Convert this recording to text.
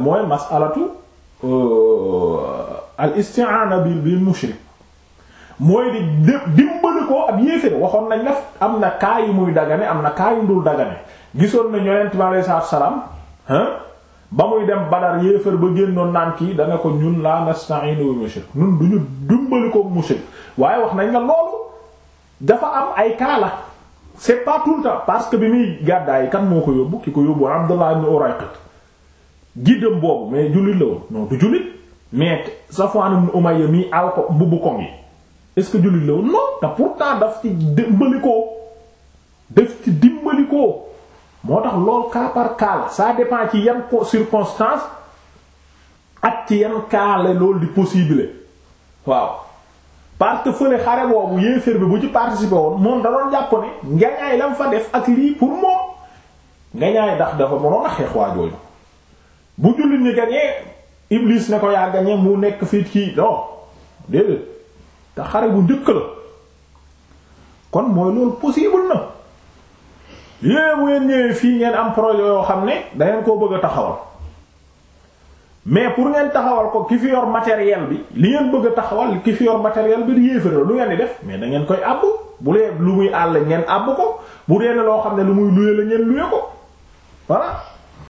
mooy masalatu euh, al isti'ana bi bil mushrik mooy di dimbali ko ab yéefér waxoon nañ def am na kaa yu muy dagane am na kaa yu ndul dagane gisoon nañu yonent bi alayhi salaatu salaam ba muy dem Badar yéefér ba génnoon naan kii dana ko ñun la nasta'inu bil mushrik ñun duñu dimbali ko mushrik waaye wax nañ la loolu dafa am ay kaala la c'est pas tout temps parce que bi muy gàddaay kan moo ko yóbbu ki ko yóbbu Abdullah ibn Urayqit giddam boobu mais jullit la woon non du jullit mais Safwan ibn Umayya mii aal ko mbubbu koŋ yi est que jullit la woon non te pourtant daf ci dimbali ko ci dimbali moo tax lool cas par cas la ça dépend ci yan ko circonstance ak ci yan cas la loolu di possible waaw parce xare boobu yéeféer bi bu ci participer woon moom da doon jàpp ne ngañaay lam fa def ak lii pour moom ngañaay ndax dafa mënoon a xeex waa jooju bu jullit ñi gañee Iblis ne ko yaa gañee mu nekk fii ci non déedéet te xare bu njëkk la kon mooy loolu possible na yéen bu ngeen ñëwee fii ngeen am projet yoo xam ne dangeen koo bëgg a taxawal mais pour ngeen taxawal ko ki fi yor matériel bi li ngeen bëgg taxawal ki fi yor matériel bi di yéefara lu ngeen di def mais da ngeen koy àbb bu dee lu muy àll ngeen àbb ko bu dee loo xam ne lu muy luye la ngeen luye ko voilà.